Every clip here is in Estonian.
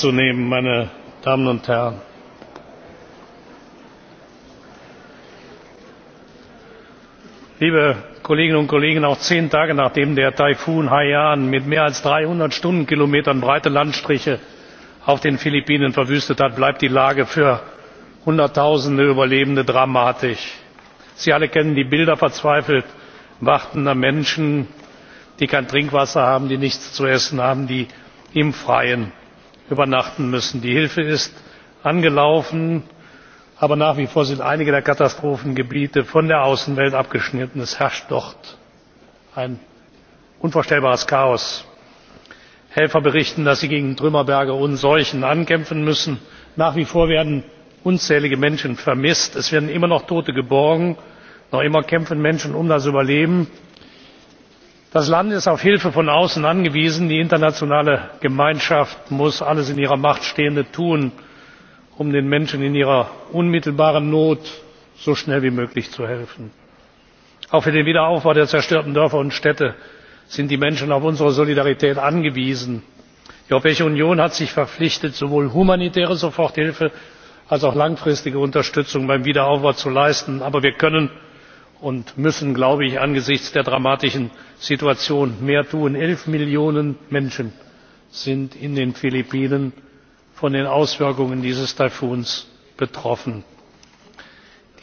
platz zu nehmen meine damen und herren! liebe kolleginnen und kollegen! auch zehn tage nachdem der taifun haiyan mit mehr als dreihundert stundenkilometern breite landstriche auf den philippinen verwüstet hat bleibt die lage für hunderttausende überlebende dramatisch. sie alle kennen die bilder verzweifelt wartender menschen die kein trinkwasser haben die nichts zu essen haben die im freien übernachten müssen. die hilfe ist angelaufen aber nach wie vor sind einige der katastrophengebiete von der außenwelt abgeschnitten. es herrscht dort ein unvorstellbares chaos. helfer berichten dass sie gegen trümmerberge und seuchen ankämpfen müssen. nach wie vor werden unzählige menschen vermisst. es werden immer noch tote geborgen. noch immer kämpfen menschen um das überleben das land ist auf hilfe von außen angewiesen. die internationale gemeinschaft muss alles in ihrer macht stehende tun um den menschen in ihrer unmittelbaren not so schnell wie möglich zu helfen. auch für den wiederaufbau der zerstörten dörfer und städte sind die menschen auf unsere solidarität angewiesen. die europäische union hat sich verpflichtet sowohl humanitäre soforthilfe als auch langfristige unterstützung beim wiederaufbau zu leisten. aber wir können und müssen glaube ich angesichts der dramatischen situation mehr tun. elf millionen menschen sind in den philippinen von den auswirkungen dieses taifuns betroffen.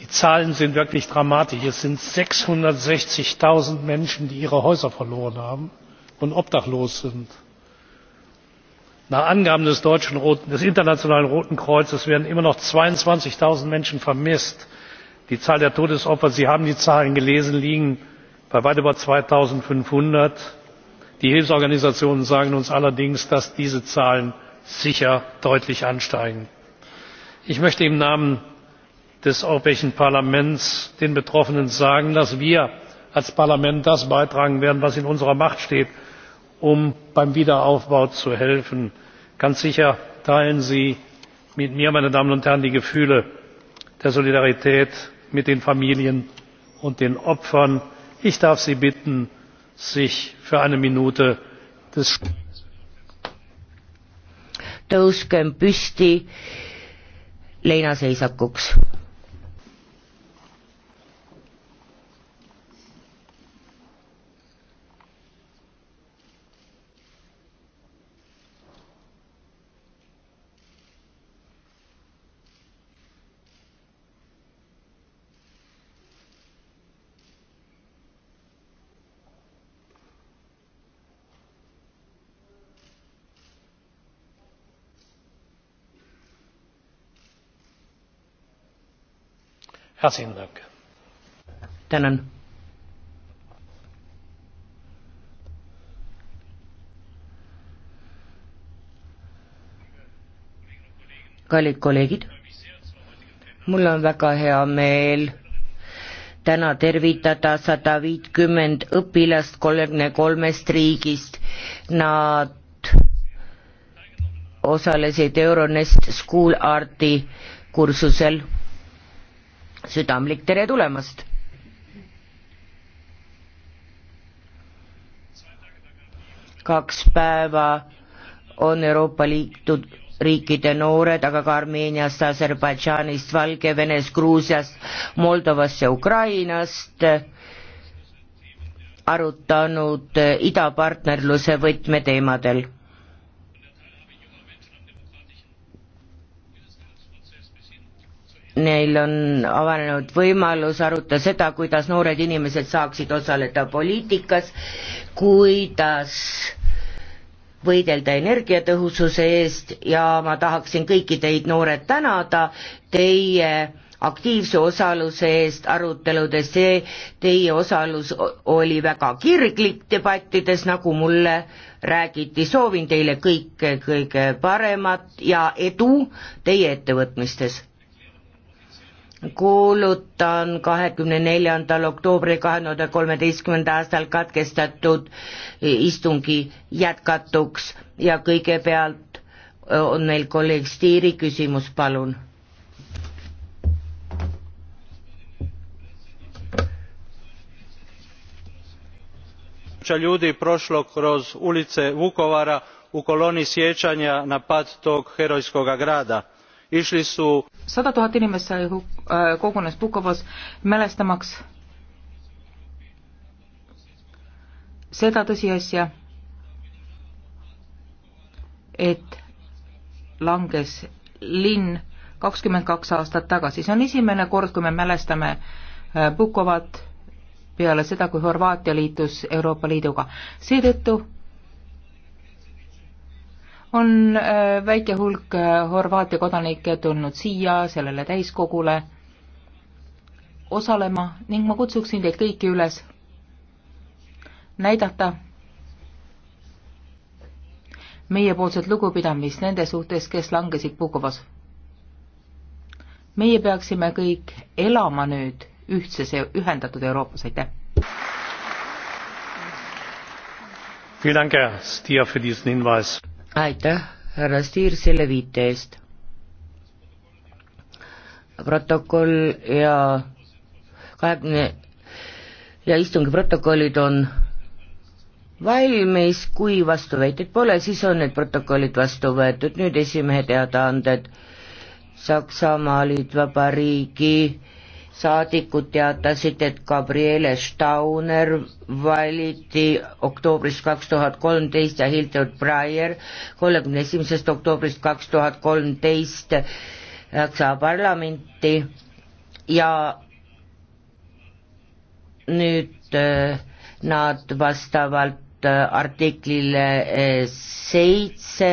die zahlen sind wirklich dramatisch es sind sechshundertsechzig null menschen die ihre häuser verloren haben und obdachlos sind. nach angaben des internationalen roten kreuzes werden immer noch zweiundzwanzig null menschen vermisst die zahl der todesopfer sie haben die zahlen gelesen liegt bei weit über zwei fünfhundert die hilfsorganisationen sagen uns allerdings dass diese zahlen sicher deutlich ansteigen. ich möchte im namen des europäischen parlaments den betroffenen sagen dass wir als parlament das beitragen werden was in unserer macht steht um beim wiederaufbau zu helfen. ganz sicher teilen sie mit mir meine damen und herren die gefühle der solidarität mit den familien und den opfern. ich darf sie bitten sich für eine minute des schweigens tõuskem püsti leinaseisakuks. herzlichen Dank. tänan. kallid kolleegid, mul on väga hea meel täna tervitada sada viitkümmend õpilast kolmekümne kolmest riigist. Nad osalesid Euronest School Arti kursusel südamlik tere tulemast! kaks päeva on Euroopa Liidu riikide noored, aga ka Armeeniast, Aserbaidžaanist, Valgevenest, Gruusiast, Moldovast ja Ukrainast arutanud idapartnerluse võtmeteemadel neil on avanenud võimalus arutada seda, kuidas noored inimesed saaksid osaleda poliitikas, kuidas võidelda energiatõhususe eest ja ma tahaksin kõiki teid, noored, tänada teie aktiivse osaluse eest aruteludes, see teie osalus oli väga kirglik debattides, nagu mulle räägiti, soovin teile kõike kõige paremat ja edu teie ettevõtmistes! kuulutan kahekümne neljandal oktoobril kahe tuhande kolmeteistkümnenda aastal katkestatud istungi jätkatuks ja kõigepealt on meil kolleeg Stiiri küsimus, palun. ljudi prošlo kroz ulice Vukovara u koloni sjećanja na pad tog herojskoga grada. Išli su sada tuhat inimest sai äh, kogunes Pukovos mälestamaks seda tõsiasja, et langes linn kakskümmend kaks aastat tagasi, see on esimene kord, kui me mälestame äh, Pukovat peale seda, kui Horvaatia liitus Euroopa Liiduga. seetõttu on äh, väike hulk äh, Horvaatia kodanikke tulnud siia sellele täiskogule osalema ning ma kutsuksin teid kõiki üles näidata meiepoolset lugupidamist nende suhtes, kes langesid Pukovas. meie peaksime kõik elama nüüd ühtses ja e-, ühendatud Euroopas, aitäh! vielen dank herr stier für diesen hinweis aitäh, härra Stier, selle viite eest. protokoll ja kahekümne ja istungi protokollid on valmis, kui vastuväiteid pole, siis on need protokollid vastu võetud, nüüd esimehe teadaanded Saksamaa Liitvabariigi saadikud teatasid, et Gabriele Stauner valiti oktoobrist kaks tuhat kolmteist ja Hildur Breyer kolmekümne esimesest oktoobrist kaks tuhat kolmteist äh, Saksa parlamenti ja nüüd äh, nad vastavalt äh, artiklile seitse,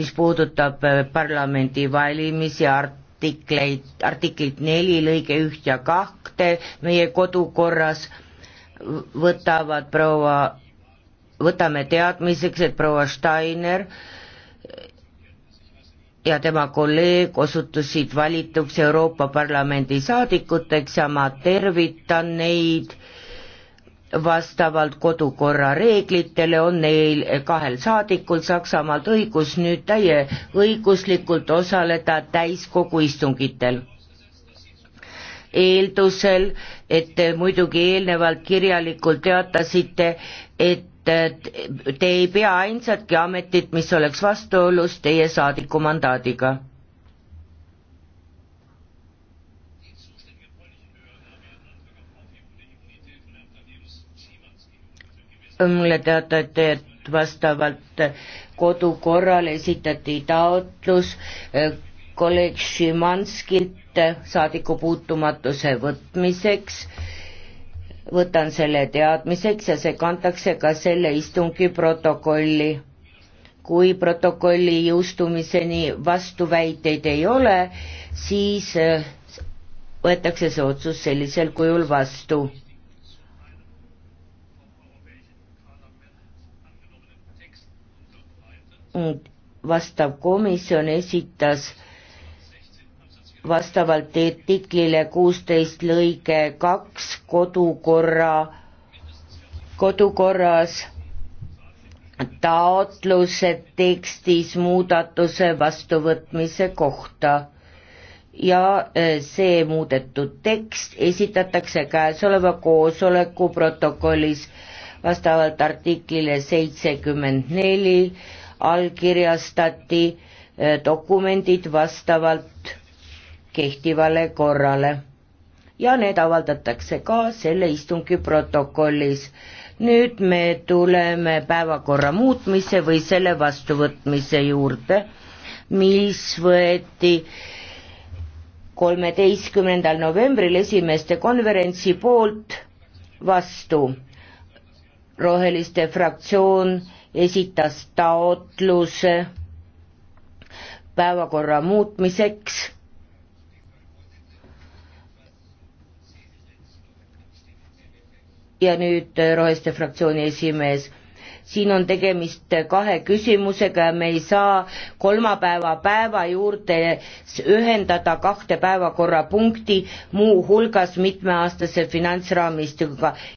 mis puudutab parlamendivalimisi, art-, artikleid, artiklit neli lõige üht ja kahte meie kodukorras võtavad proua, võtame teadmiseks, et proua Steiner ja tema kolleeg osutusid valituks Euroopa Parlamendi saadikuteks ja ma tervitan neid vastavalt kodukorra reeglitele on neil kahel saadikul Saksamaalt õigus nüüd täieõiguslikult osaleda täiskogu istungitel. eeldusel, et te muidugi eelnevalt kirjalikult teatasite, et te ei pea ainsatki ametit, mis oleks vastuolus teie saadiku mandaadiga mulle teatati, et vastavalt kodukorrale esitati taotlus eh, kolleeg Šimanskilt saadikupuutumatuse võtmiseks. võtan selle teadmiseks ja see kantakse ka selle istungi protokolli. kui protokolli jõustumiseni vastuväiteid ei ole, siis eh, võetakse see otsus sellisel kujul vastu vastav komisjon esitas vastavalt artiklile kuusteist lõige kaks kodukorra, kodukorras taotluse tekstis muudatuse vastuvõtmise kohta ja e, see muudetud tekst esitatakse käesoleva koosoleku protokollis vastavalt artiklile seitsekümmend neli allkirjastati eh, dokumendid vastavalt kehtivale korrale ja need avaldatakse ka selle istungi protokollis. nüüd me tuleme päevakorra muutmise või selle vastuvõtmise juurde, mis võeti kolmeteistkümnendal novembril esimeste konverentsi poolt vastu. roheliste fraktsioon esitas taotluse päevakorra muutmiseks. ja nüüd äh, Roheste fraktsiooni esimees siin on tegemist äh, kahe küsimusega ja me ei saa kolmapäeva päeva juurde ühendada kahte päevakorrapunkti, muuhulgas mitmeaastase finantsraamistikuga.